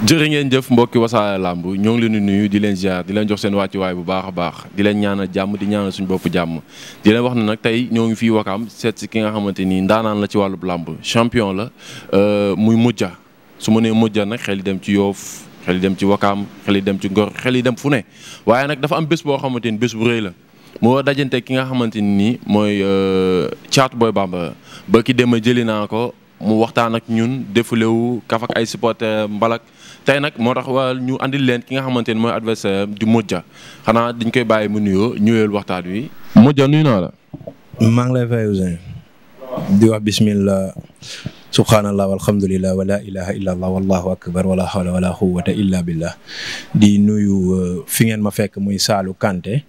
jërë ngeen jëf mbokki wasaare làmb ñoo ngi leen di nuyu di leen di leen jox seen wàccuwaay bu baax a baax di leen ñaanal jàmm di ñaanal suñu bopp jàmm di leen wax na nag tey ñoo ngi fii wakaam seet si ki nga xamante ni ndaanaan la ci wàllub làmb champion la euh, muy mujja su ma nee mujja nag xel dem ci yoof xel dem ci wakaam xel dem ci ngor xel yi dem fu ne waaye nag dafa am bés boo xamante ni bés bu rëy la moo dajante ki nga xamante ni mooy caatu euh, booy bamba ba ki dem jëli naa ko mu waxtaan ak ñun défulé wu kaf ay supporter mbalak tey nag moo tax waa ñu andil leen ki nga xamante ni mooy adversaire di Modja xanaa dañ koy bàyyi mu nuyoo ñëweel waxtaan wi. Modja nuyu naa maa ngi lay fay Ouzin di wax bismillah subhanallah walhamdulillah wala ilaha illa allah wallahu akbar wala hawla wala quwwata illa billah di nuyu uh, fi ngeen ma fekk muy Saalu Kanté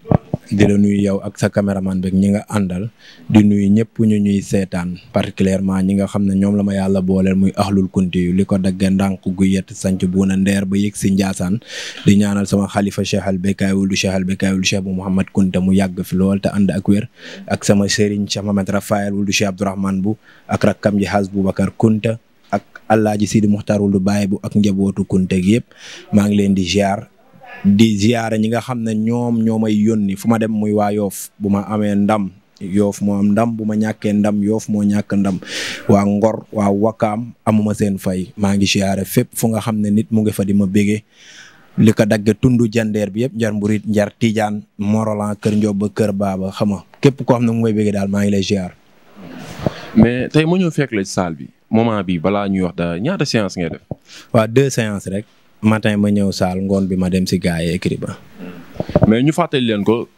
di la nuyu yow ak sa caméraman beeg ñi nga àndal di nuyu ñëpp ñu ñuy seetaan particulièrement ñi nga xam ne ñoom la ma yàlla booleel muy axlul kunti yu li ko daggee ndànk gu yett sanc na ndeer ba yëg si njaasaan di ñaanal sama xalifa cheikh al bekaay wulu cheikh al bekaay wulu cheikh bu mouhamad kunta mu yàgg fi lool te ànd ak wér ak sama sëriñ cheikh mahamad rafael wulu cheikh abdourahman bu ak rakkam ji xaas boubacar kunta ak allaaji sidi muxtar wulu baay bu ak njabootu kunta gi yëpp maa ngi leen di ziar di ziyaare ñi nga xam ne ñoom ñoo may yónni fu ma dem muy waa yoof bu ma amee ndam yoof moo am ndam bu ma ñàkkee ndam yoof moo ñàkk ndam waa Ngor waa Wakaam amuma seen fay maa ngi ziyaare fépp fu nga xam ne nit mu ngi fa di ma bége li ko dagge tundu jandeer bi yëpp njar mburit njar Tidiane Morolan kër Ndiob kër Baaba xama képp koo xam na mu may bége daal maa ngi lay ziyaar. mais te ma ñëw fekk la bi moment bi balaa ñuy wax da ñaata séance ngay def. waa deux séances rek. matin ma ñëw saal ngoon bi ma dem si gars yi écrit ba. mais ñu fàttali leen ko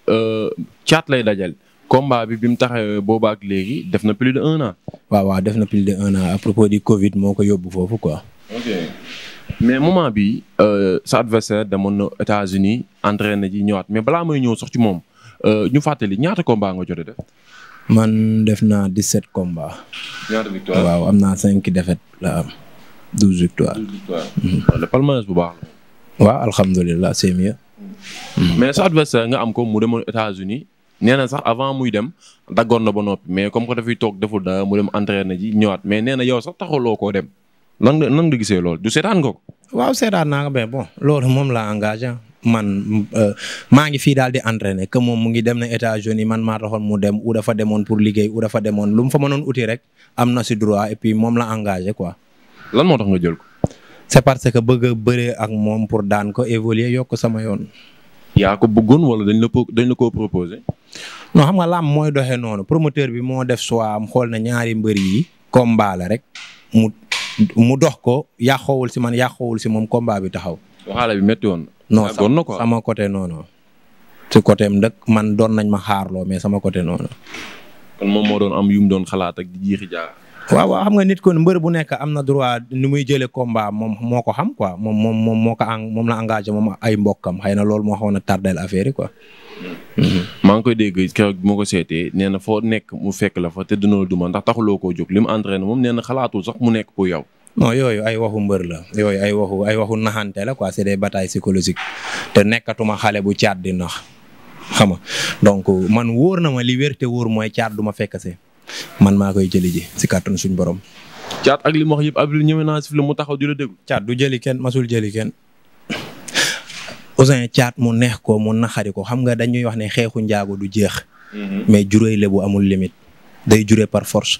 caat euh, lay dajal combat bi bi mu taxawee boobaak léegi def na plus de un an. waaw waaw def na plus de un an à propos du Covid moo ko yóbbu foofu quoi. mais moment bi euh, sa adversaire demoon na États-Unis na ji ñëwaat mais balaa may ñëw sax ci moom euh, ñu fàttali ñaata combat nga jotee def. man def naa 17 combats. ñaata victoire am naa cinq défaites douze victoires. douze victoires. Euh, bu baax waaw alhamdulilah c'est mieux. Mm-hmm. mais sa adversaire nga am ko mu demoon États-Unis nee na sax avant muy dem daggoon na ba noppi mais comme que dafay toog defu dara mu dem entraîné ji ñëwaat mais nee na yow sax taxuloo ko dem nan nga nan nga gisee loolu du seetaan nga ko. waaw seetaan naa ko mais bon loolu moom la engagé man euh, maa ngi fii daal di entraîné que moom mu ngi dem na États-Unis man maa taxoon mu dem u dafa demoon pour liggéey u dafa demoon lu mu fa mënoon uti rek am na si droit et puis moom la engagé quoi. lan moo tax nga jël ko. c'est parce que bëgg a ak moom pour daan ko évoluer yokk sama yoon. yaa ko bëggoon wala dañ la ko dañ la ko proposé. non xam nga làmb mooy doxee noonu promoteur bi moo def choix am xool na ñaari mbër yi combat la rek mu mu dox ko yàqoowul si man yàqoowul si moom combat bi taxaw. waxaale bi métti woon. non sama côté noonu. ci côté am man doon nañ ma xaarloo mais sama côté noonu. moom moo doon am yu mu doon xalaat ak di jiixi waaw waaw xam nga nit kon mbër bu nekk am na droit ni muy jëlee combat moom moo ko xam quoi moom moom moo ko moom la engagé moom ay mbokkam xëy na loolu moo xawoon a tardel affaire yi quoi. Mm-hmm. maa ngi koy dégg keroog bi ko seetee nee na foo nekk mu fekk la fa te dina la duma ndax taxuloo koo jóg li mu entraîné moom nee na xalaatul sax mu nekk pour yow. non yooyu ay waxu mbër la yooyu ay waxu ay waxu naxante la quoi c'est des batailles te nekkatuma xale bu caat di nax xam nga donc man wóor na ma li wér te mooy caat du ma fekk si man maa koy jëli ji si kàttan suñu borom. caat ak li mu wax yëpp ab li ñëwee mu taxaw di la déglu. kenn masul jëli kenn. Ousin neex ko mu naxari ko xam nga dañuy wax ne xeexu njaago du jeex. Mhm. mais juree lebu amul limite. day jure par force.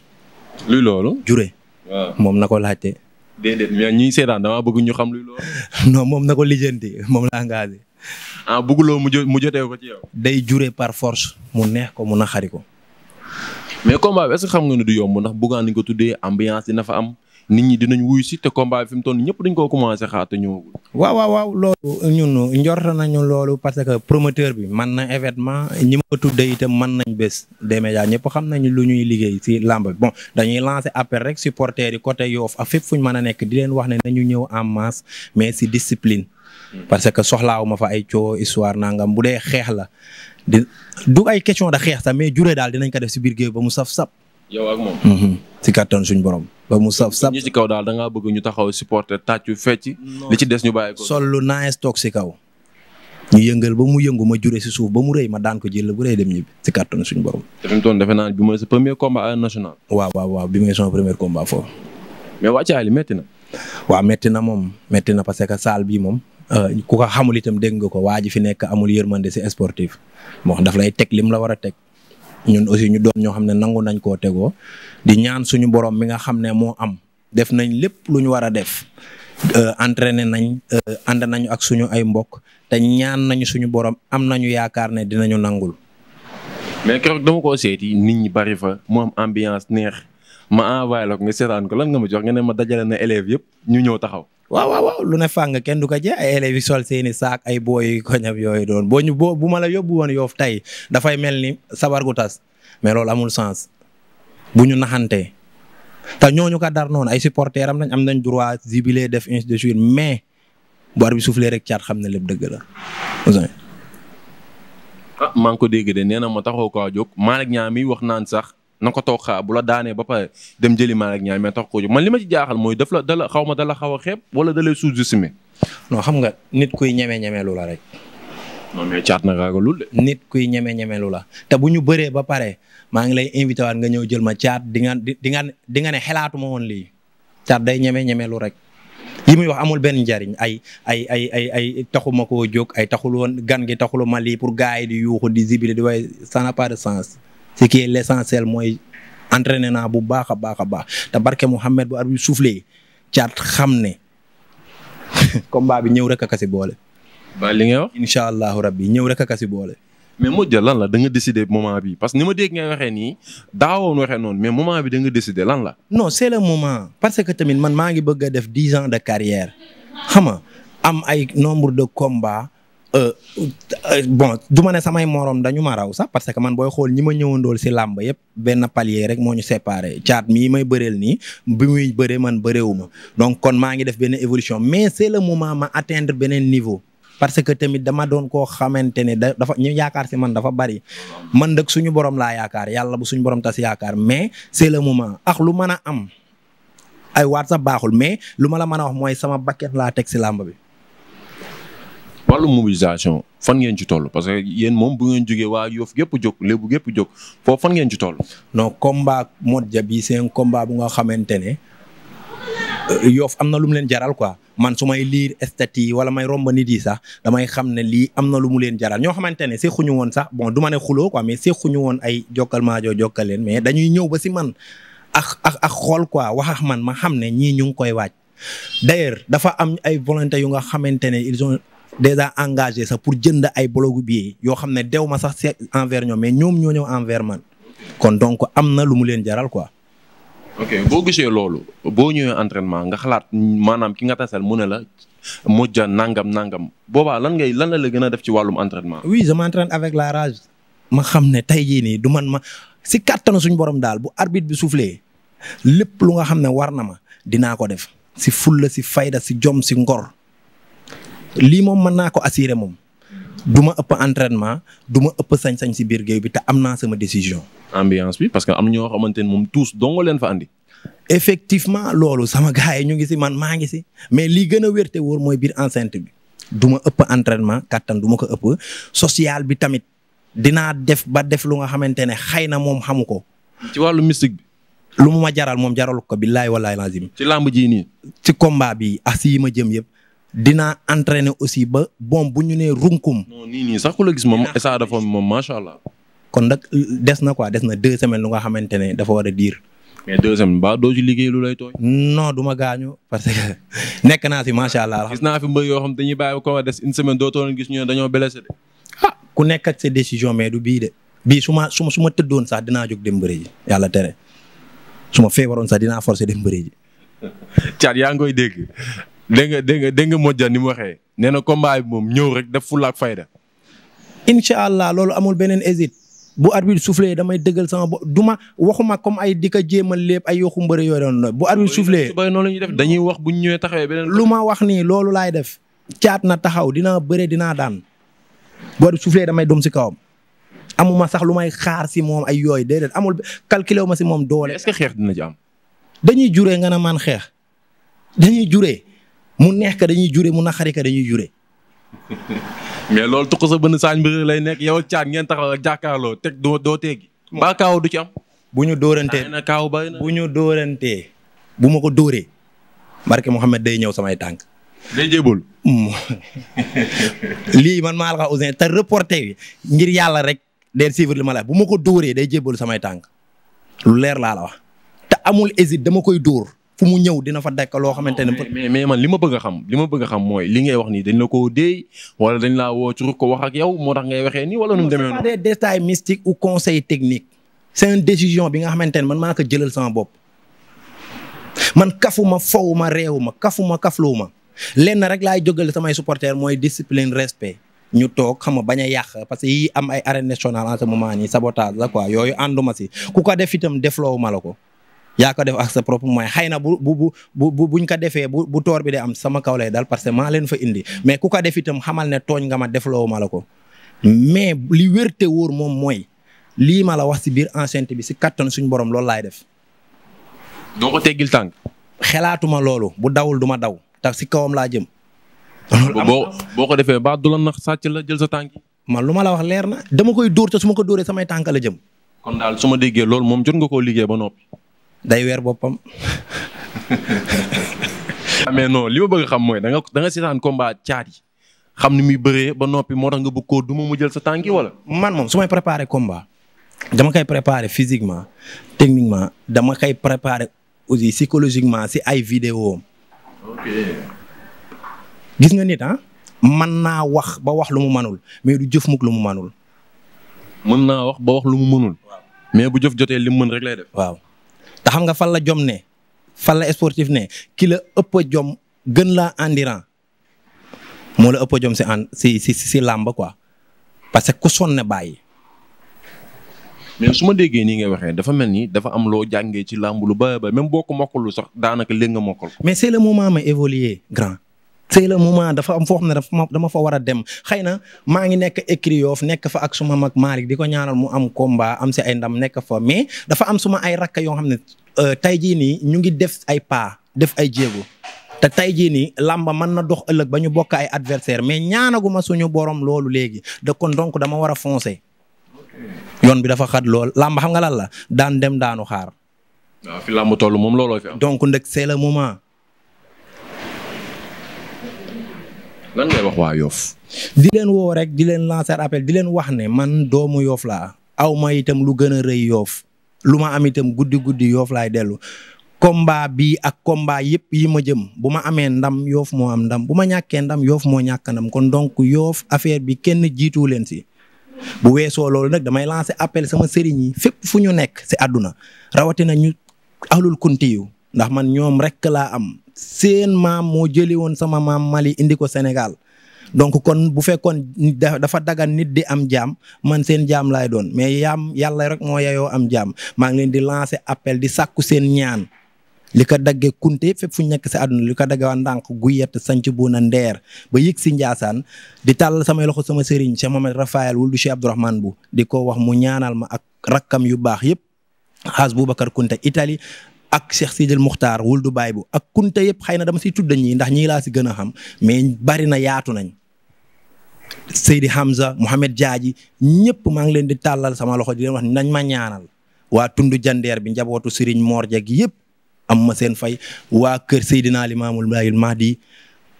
luy loolu. juree. waaw moom na ko laajte. déedéet mais ñi bëgg ñu xam luy loolu. non na ko lijjanti moom la engagé. ah bëgguloo mu jotee ko ci yow. day juree par force mu neex ko mu naxari ko. mais combat bi est que xam nga ne du yomb ndax buggaan nañ ko tuddee ambiance dina fa am nit ñi dinañ wuyu si te combat bi fi mu toll ñëpp dañ ko commencé xaar te ñëwagul. waaw waaw waaw loolu ñun njort loolu parce que promoteur bi man na événement ñi ma ko tuddee itam mën nañ bés des ñëpp xam nañu lu ñuy liggéey si làmb bi bon dañuy lancer appel rek supporters yi côté Yoff ak fépp fu ñu mën a nekk di leen wax ne nañu ñëw en masse mais si discipline. Hmm. parce que soxlaawu wuma fa ay coo histoire nangam bu dee xeex la di du ay question da xeex sax mais juree daal dinañ ko def si biir géew ba mu saf sab yow ak moom. Mhm. si kattan suñ borom. ba mu saf sap si kaw daal da ngaa bëgg ñu taxaw supporter tàccu fecc. li ci des ñu bàyyi ko. sol lu nice toog si kaw. ñu yëngal ba mu yëngu ma jure si suuf ba mu rëy ma daan ko jël bu rëy dem ñibbi si kattan suñ borom. te fi mu naa bi mooy sa premier combat à national. waaw waaw waaw bi mooy sama premier combat foofu. mais wàccaay li métti na. waaw métti na moom métti na parce que saal bii moom Euh, ku ko xamul itam dégg nga ko waa ji fi nekk amul yërmande si sportif moo daf lay teg lim la war a teg ñun aussi ñu doon ñoo xam ne nangu nañ koo tegoo di ñaan suñu borom mi nga xam ne moo am def nañ lépp lu ñu war a def euh, entraîné nañ euh, ànd nañu ak suñu ay mbokk te ñaan nañu suñu borom am nañu yaakaar ne dinañu nangul. mais keroog dama koo seeti nit ñi bari fa mu am ambiance neex ma envoyé la ko nga seetaan ko lan nga ma jox nga ne ma dajale na élèves yëpp ñu ñëw taxaw. waaw waaw lu ne fàng kenn du ko jee ay élèves yi sol seeni saak ay booy koñam yooyu doon boo ñu boo bu ma yóbbu woon yoof tey dafay mel ni sabar gu tas mais loolu amul sens bu ñu naxantee te ñooñu ko dar noonu ay supporters am nañ am nañ droit jubilé def ainsi de suite mais bu arbitre bi soufflé rek caat xam ne lépp dëgg la. ah maa ngi ko dégg de nee na ma taxaw kaa jóg Malick Niang mi wax naan sax. na ko toog xaar bu la daanee ba pare dem jëli Malick Niang mais ko jóg man li ma ci jaaxal mooy daf la dala xaw ma dala xaw a xeeb wala dalay sous-estimer. non xam nga nit kuy ñeme ñeme lu la rek. caat na ragalul de. nit kuy ñeme ñeme lu la te bu ñu bëree ba pare maa ngi lay invité waat nga ñëw jël ma caat di nga di nga di ne xalaatu woon lii caat day ñeme ñeme rek. yi muy wax amul benn njariñ ay ay ay ay ay taxuma koo jóg ay taxul woon gan gi taxul ma lii pour gars yi di yuuxu di zibile di waaye ça n'a de sens. ce qui est l' essentiel mooy entraîné naa bu baax a baax a baax te barke Mouhamed bu arbitre bi soufflé caat xam ne combat bi ñëw rek a kasi boole. ba li nga wax incha allahu rabbi ñëw rek a kasi boole. mais Modou Dia lan la da nga décider moment bi parce que ni ma dégg ngay waxee nii daawoon waxee noonu mais moment bi da nga décider lan la. non est le moment parce que tamit man maa ngi bëgg a def dix ans de carrière xam nga am ay nombre de combat Euh, euh, bon du ma ne samay morom dañu ma raw sax parce que man booy xool ñi ma ñëwandool si làmb yëpp benn palier rek moo ñu séparé caat mii may bëreel nii bi muy bëree man bëreewuma donc kon maa ngi def benn évolution mais c'est le moment ma atteindre beneen niveau. parce que tamit dama doon ko xamante ne dafa ñu yaakaar si man dafa bari man dëkk suñu borom laa yaakaar yàlla bu suñu borom si yaakaar mais c'est le moment ax lu mën a am ay waat sax baaxul mais lu ma la mën a wax mooy sama bakket laa teg si làmb bi. wàllu mobilisation fan ngeen ci toll parce que yéen moom bu ngeen jógee waa Yoff gépp jóg lébu gépp jóg foofu fan ngeen ci toll. non combat Modou Dia bi combat bu nga xamante ne euh, Yoff am na lu mu leen jaral quoi man su may liir stati yi wala may romb nit yi sax damay xam ne lii am na lu mu leen jaral ñoo xamante ne séqu woon sax bon du ma ne xuloo quoi mais séqu ñu woon ay jokkal maajoo jokkaleen mais dañuy ñëw ba si man ak ak xool quoi wax man ma xam ne ñii ñu ngi koy waaj d'ailleurs dafa am ay volonté yu nga xamante déjà engagé sax pour jënd ay blogu bi yoo xam ne dew ma sax c'est envers ñoom mais ñoom ñoo ñëw envers man kon donc am na lu mu leen jaral quoi. ok boo gisee loolu boo ñëwee entraînement nga xalaat maanaam ki nga tasal mu ne la mujja nangam nangam boobaa lan ngay lan la la gën a def ci wàllum entraînement. oui je m'entraîne avec la rage. ma xam ne tey jii nii du man ma si kattanu suñu borom daal bu arbitre bi soufflé lépp lu nga xam ne war na ma dinaa ko def si fulla si fayda si jom si ngor. lii moom mën naa ko assurer moom du ma ëpp entraînement du ma ëpp sañ-sañ si biir géew bi te am naa sama décision. ambiance bi parce que am ñoo xamante ne moom tous dong leen fa andi. effectivement loolu sama gars yi ñu ngi si man maa ngi si mais lii gën a wér te wóor mooy biir enceinte bi du ma ëpp entraînement kattan du ma ko ëpp social bi tamit dinaa def ba def lu nga xamante ne xëy na moom xamu ko. ci wàllu mystique bi. lu mu ma jaral moom jaral ko billaay walaay lazim. ci làmb ji nii. ci combat bi as yi ma jëm yëpp. dinaa entraîner aussi ba bon bu ñu nee runkum. non nii nii sax ku la gis moom SA dafa moom macha allah. kon nag euh, des na quoi des na deux semaine lu nga xamante ne dafa war a diir. mais deux semaines ba doo ci liggéey lu lay tooy. no du ma gaañu parce que nekk naa si macha allah. gis naa fi mbër yoo xam dañuy bàyyi ko des une semaine dootoo leen gis ñu ne dañoo blessé de. ah ku nekk ak sa décision mais du bii de bii suma ma su ma su tëddoon sax dinaa jóg dem bëri yàlla tere su ma waroon sax dinaa forcer dem bëri ji. Thiat yaa ngi koy dégg dégg nga dégg nga dégg nga ni mu waxee nee na combat bi moom ñëw rek def fulla ak fayda. incha allah loolu amul beneen hésite bu arbitre soufflé damay dëggal sama bopp du ma waxuma comme ay di ko jéemal lépp ay yoxu mbëri yooyu doon bu arbitre soufflé noonu la ñuy def dañuy wax bu ñu ñëwee taxawee lu ma wax nii loolu laay def caat na taxaw dinaa bëre dinaa daan bu arbitre soufflé damay dum si kawam amuma sax lu may xaar si moom ay yooyu déedéet amul calculé wu ma si moom doole. est xeex dina ci am. dañuy juree nga ne man xeex dañuy juree mu neex ka dañuy jure mu naqari ka dañuy jure. mais loolu tuq sa bënn saañ mbir lay nekk yow caat ngeen taxaw jàkkaarloo teg doo doo teegi. mbaa kaaw du ci am. bu ñu dóorantee kaaw bay na bu ñu bu ma ko dóoree. barke Mouhamed day ñëw samay tànk. day jébul. lii man maa la ko Ouzin te reporté bi ngir yàlla rek day suivre li ma bu ma ko dóoree day jébul samay tànk. lu leer laa la wax te amul hésite dama koy dóor. fu mu ñëw dina fa dekk loo xamante ne. mais mais man li ma bëgg xam li ma bëgg a xam mooy li ngay wax nii dañ la ko déey wala dañ laa woo ci ko wax ak yow moo tax ngay waxee nii wala nu mu demee noonu. des décision bi nga xamante ne man maa ko jëlal sama bopp man kafuma fowuma réewuma kafuma kafluwuma lenn rek laay jógale samay supporters mooy discipline respect. ñu toog xam nga bañ a yàq parce que yi am ay arène nationale en ce moment nii sabotage la quoi yooyu ànduma si ku ko def itam defloowu ma la ko. yaa ko def ak sa propre moyen xëy na bu bu bu bu buñ ko defee bu bu toor bi de am sama kaw lay dal parce que maa leen fa indi mais ku ko def itam xamal ne tooñ nga ma defloo ma la ko mais li wér te wóor moom mooy lii ma la wax si biir enceinte bi si kattan suñ borom loolu laay def. doo ko tànk. xalaatuma loolu bu dawul du ma daw tax si kawam laa jëm. boo boo ko defee ba du la nax sàcc la jël sa tànk. man lu ma la wax leer na dama koy dóor te su ko dóoree samay tànk la jëm. kon daal su ma déggee loolu moom jot nga koo liggéey ba noppi. day weer boppam. Ah, mais non li ma bëgg xam mooy da nga da nga seetaan combat caat yi xam ni muy bëree ba noppi moo tax nga bëgg koo duma mu jël sa tànk wala. man moom su may préparé komba dama koy préparé physiquement techniquement dama koy préparé aussi psychologiquement si ay vidéo ok. nga nit ah mën naa wax ba wax lu mu manul mais du jëf mukk lu mu mënul. mën naa wax ba wax lu mu mënul. mais bu jëf jotee li mu mën rek def. waaw te nga fan la jom ne fan la sportif ne ki la ëpp jom gën laa endirant moo la ëpp jom si an si si si parce que ku sonn bàyyi. mais su ma déggee nii ngay waxee dafa mel ni dafa am loo jàngee ci làmb lu ba ba même boo ko mokkalu sax daanaka léegi nga mokkal ko. mais c'est le moment may évoluer grand. c'est le moment dafa am foo xam ne dama fa war a dem xëy na maa ngi nekk écrit yoof nekk fa ak suma mag Malick di ko ñaanal mu am combat am si ay ndam nekk fa mais dafa am suma ay rakk yoo xam ne euh, tey jii nii ñu ngi def ay pas def ay jéego. te tey jii nii lamba mën na dox ëllëg ba ñu bokk ay adversaire mais ñaanaguma suñu borom loolu léegi de kon donc dama war a foncer yoon bi dafa xat lool làmba xam nga lan la daan dem daanu xaar. waaw fi lamba toll moom looloo lan ngay wax waa Yoff. di leen woo rek di leen lancer appel di leen wax ne man doomu Yoff laa aw ma itam lu gën a rëy yoof lu ma am itam guddi guddi Yoff laay dellu. combat bi ak combat yëpp yi ma jëm bu ma amee ndam Yoff moo am ndam bu ma ñàkkee ndam Yoff moo ñàkk ndam kon donc Yoff affaire bi kenn jiitu leen si. bu weesoo loolu nag damay lancer appel sama sëriñ yi fépp fu ñu nekk si àdduna rawatina ñu ahlul kunti ndax man ñoom rek laa am seen maam moo jëli woon sama maam Mali indi ko Sénégal donc kon bu fekkoon dafa dagan nit di am jaam man seen jaam laay doon mais yaam yàlla rek moo yayoo am jaam maa ngi leen di lancer appel di sàkku seen ñaan li ko daggee kunte fépp fu ñu nekk si àdduna li ko daggee waa ndànk guyet sanc na ndeer ba yëg si njaasaan di tàll samay loxo sama sëriñ Cheikh Mohamed Raphaël wul du Cheikh Abdourahmane bu di ko wax mu ñaanal ma ak rakkam yu baax yëpp xaas Boubacar ak Cheikh Sidil Muxtaar wul du baay bu ak kunte yëpp xëy na dama siy tudd ñii ndax ñii laa si gën a xam mais bari na yaatu nañ Seydi Hamza Mouhamed Diadji ñëpp maa ngi leen di tàllal sama loxo di leen wax nañ ma ñaanal waa tund jandeer bi njabootu Serigne Mor Dieg yëpp am ma seen fay waa kër Seydina Limaamul Mahdi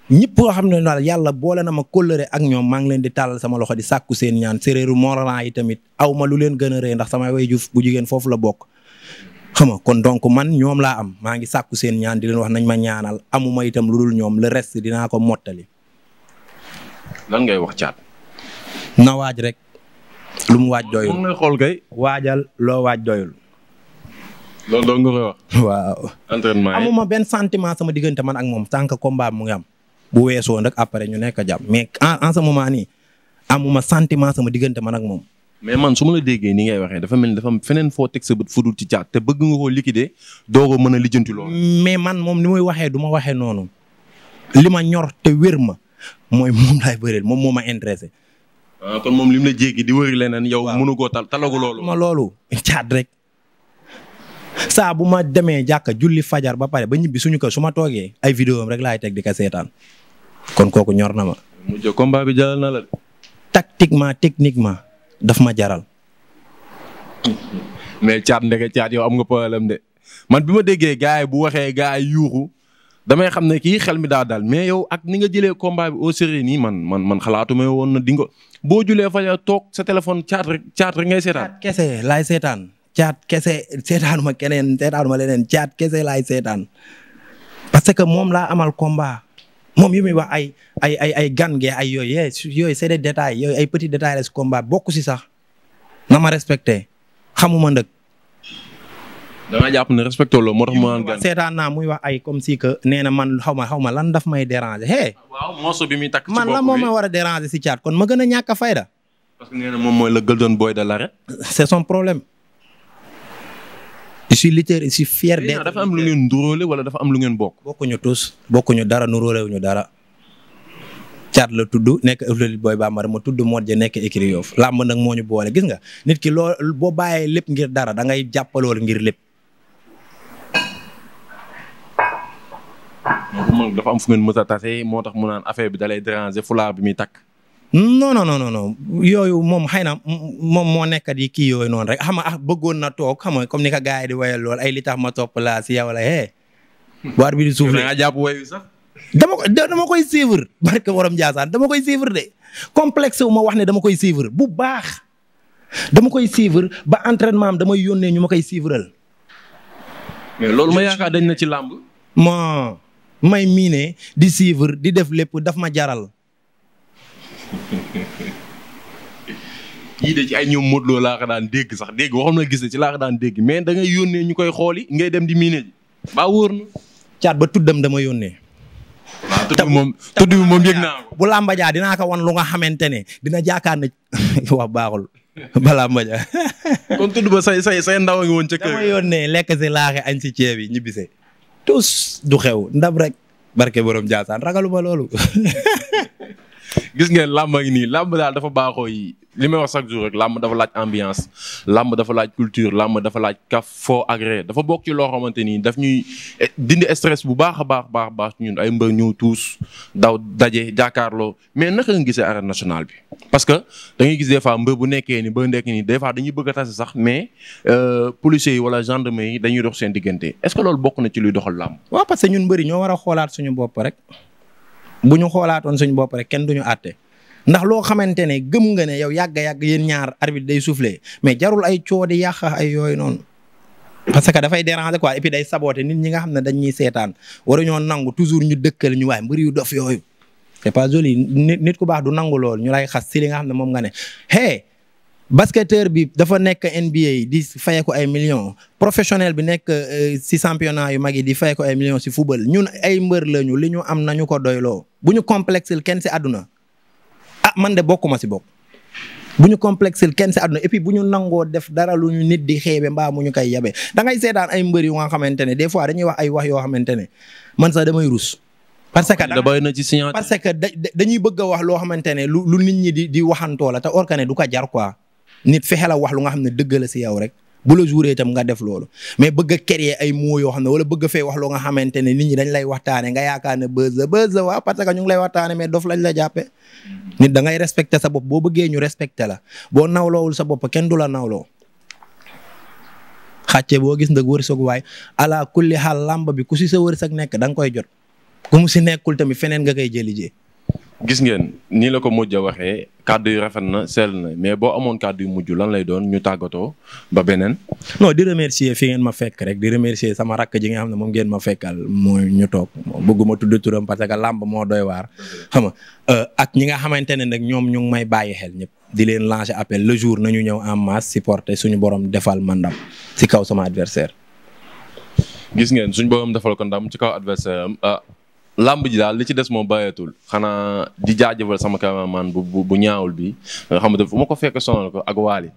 ñëpp koo xam ne daal yàlla boole na ma kóllëre ak ñoom maa ngi leen di tàllal sama loxo di sàkku seen ñaan séréeru Moralan yi tamit aw ma lu leen gën a rëy ndax sama way ju bu foofu la bokk xam kon donc man ñoom laa am maa ngi sàkku seen ñaan di leen wax nañ ma ñaanal amuma itam lu dul ñoom la reste dinaa ko mottali. lan ngay wax caat. na waaj rek. lu mu waaj doyul moom xool kay. waajal loo waaj doyul. loolu doo nga koy wax. waaw. amuma benn sentiment sama diggante man ak moom sànq combat mu ngi am. bu weesoo nag après ñu nekk jàpp mais en en ce moment amuma sentiment sama diggante man ak moom. mais man su ma la déggee ni ngay waxee dafa mel ni dafa feneen foo teg sa bët fu dul ci caat te bëgg nga koo liquider doo ko mën a lijjanti loolu. mais man moom ni muy waxee duma ma waxee noonu li ma ñor te wér ma mooy moom laay bëreel moom moo ma intéressé. Ah, moom li mu la jéggi di wëri leneen yow. waaw mënu koo tal talagu loolu. ma loolu caat rek saa bu ma demee jàkka julli fajar ba pare ba ñibbi suñu kër su ma toogee ay vidéo rek laay teg di ko seetaan kon kooku ñor na ma. mujj combat na la. tactiquement techniquement. daf ma jaral. mais caat ndeke caat yow am nga problème de man bi ma déggee gars yi bu waxee gars yi yuuxu damay xam ne kii xel mi daal daal mais yow ak ni nga jëlee combat bi o sérieux nii man man man xalaatu ma woon na di boo julee fa toog sa téléphone caat rek caat rek ngay seetaan. caat kese laay seetaan caat kese seetaanu ma keneen seetaanu leneen caat kese laay seetaan parce que moom laa amal combat. moom yi muy wax ay ay ay ay gan ge ay yooyu yooyu c'est des yooy yooyu ay petits détails la si combat bokk si sax na ma respecté xamuma ndëg. da nga jàpp ne respecté loolu moo tax mu naan seetaan naa muy wax ay comme si que nee na man xaw ma xaw ma lan daf may déranger hey. Ah, bi muy takk man la moom ma war a déranger si caat kon ma gën a ñàkk a fayda. na moom mooy le golden boy de l'arène. c'est son problème. je suis lutteur je suis fier d'être dafa am lu ngeen nuróole wala dafa am lu ngeen bokk. bokkuñu tous bokkuñu dara nuróolewuñu dara. caat la tudd nekk ëllëg booy bambara ma tudd moo Dia nekk écurie Yoff làmb nag moo ñu boole gis nga nit ki loolu boo bàyyee lépp ngir dara dangay ngay jàppalool ngir lépp. moom dafa am fu ngeen a tase moo tax mu naan affaire bi da lay déranger fulaar bi muy takk. non non non non yooyu moom xëy na moom moo nekkat yi kii yooyu noonu rek xam nga ah bëggoon na toog xam nga comme ni ko gars yi di wayal lool ay li tax ma topp laa si yow hee. Eh. Hmm. waar bi di suuf la sax. dama ko dama koy suivre barke Borom Ndiassane dama koy suivre de complexe wu ma wax ne dama koy suivre bu baax dama koy suivre ba entraînement damay yónnee ñu ma koy suivreal. mais loolu ma yaakaar dañ na ci làmb. ma may miine di suivre di def lépp daf ma jaral. yii de ci ay ñoom Modou Lo laa daan dégg sax dégg waxam na gis ne ci laa ko daan dégg mais da ngay yónnee ñu koy xooli ngay dem di miine ji baa wóor na. caat ba tuddam dama yónnee. waaw tudd moom tudd moom yëg naa ko. bu làmbajaa dinaa ko wan lu nga xamante ne dina jaakaar ne wax baaxul. balaa mbaja kon tudd ba say say say ndaw ngi lekk si laaxe añ si ceeb yi ñibbise. tous du xew ndab rek. barke borom jaasaan ragalu ma loolu. gis ngeen làmb ngi nii làmb daal dafa baaxoo yi li may wax chaque jour rek làmb dafa laaj ambiance làmb dafa laaj culture làmb dafa laaj kaf foo agré dafa bokk ci loo xamante nii daf ñuy eh, dindi stress bu baax a baax baax baax ñun ay mbër ñu tuus daw daje jàkkaarloo mais naka nga gisee arène nationale bi parce que da gise gis des fois mbër bu nekkee ni ba nekk nii des fois dañuy bëgg a tase sax mais euh, policiers yi wala gendarmerie yi dañuy dox seen diggante est-ce que loolu na ci luy doxal làmb waaw parce que ñun mbëri ñoo war a xoolaat suñu bopp rek bu ñu xoolaatoon suñ bopp rek kenn du ñu àtte ndax loo xamante ne gëm nga ne yow yàgg yàgg yéen ñaar arbitre day soufflé mais jarul ay coo di yàq ay yooyu noonu. parce que dafay déranger quoi et puis nit ñi nga xam ne dañuy seetaan waruñoo nangu toujours ñu dëkkale ñu waaye mbir yu dof yooyu. c'est pas joli nit ku baax du nangu lool ñu lay xas si li nga xam ne moom nga ne hey basketteur bi dafa nekk NBA di fay ko ay millions professionnel bi nekk si euh, championnat yu mag yi di fay ko ay millions si football ñun ay mbër lañu li ñu am nañu ko doyloo. bu ñu complexel kenn si àdduna ah man de bokkuma si bokk bu ñu complexel kenn si àdduna et bu ñu nangoo def dara lu ñu nit di xeebe mbaa mu ñu koy yabe da ngay seetaan ay mbër yu nga xamante ne des fois dañuy wax ay wax yoo xamante ne man sax damay rus. parce que da bay na ci signature parce que dañuy bëgg a wax loo xamante ne lu lu nit ñi di di waxantoo la te or que du ko jar quoi nit fexe la wax lu nga xam ne dëgg la si yow rek. bu la jouree itam nga def loolu mais bëgg a ay mots yoo xam ne wala bëgg a fee wax loo nga xamante ne nit ñi dañ lay waxtaane nga yaakaar ne buzz la buzz la waaw que ñu ngi lay waxtaane mais dof lañ la jàppe nit da ngay respecté sa bopp boo bëggeeñu ñu la boo nawloowul sa bopp kenn du la nawloo xàcce boo gis ndag wërsëg waay alaa kulli xaal làmb bi ku si sa wërsëg nekk da nga koy jot ku mu si nekkul tamit feneen nga koy jëlijee gis ngeen nii la ko mujj a waxee kàddu yu rafet na sell na mais boo amoon kàddu yu mujj lan lay doon ñu tàggatoo ba beneen. non di remercier fi ngeen ma fekk rek di remercier sama rakk ji nga xam ne moom ngeen ma fekkal mooy ñu toog bëgguma tudd turam parce que làmb moo doy waar. xam nga euh, ak ñi nga xamante ne nag ñoom ñu may bàyyi xel ñëpp. di leen lancer appel le na ñu ñëw en masse supporter suñu borom defal ma ndam si kaw sama adversaire. gis suñu borom defal ko ndam ci kaw adversaire am ah, làmb ji daal li ci des moom bàyyeetul xanaa di jaajëfal sama cameraman bu bu bu ñaawul bi nga def fu ma ko fekk sonal ko ak waali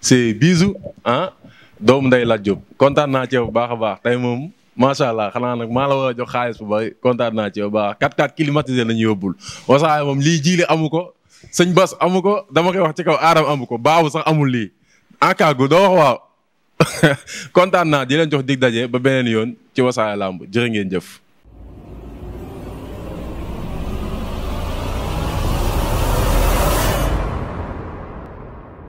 c'est bisu ah doom nday Lat Diop kontaan naa bu baax a baax tey moom macha allah xanaa nag maa la war a jox xaalis bu bari kontaan naa ci yow bu baax 4-4 climatisé nañu yóbbul wasaare moom lii jiile amu ko sëñ Bas amu ko dama koy wax ci kaw aadam amu ko baabu sax amul lii en kàggu doo wax waaw kontaan naa di leen jox dig daje ba beneen yoon ci wasaare làmb jërë ngeen jëf.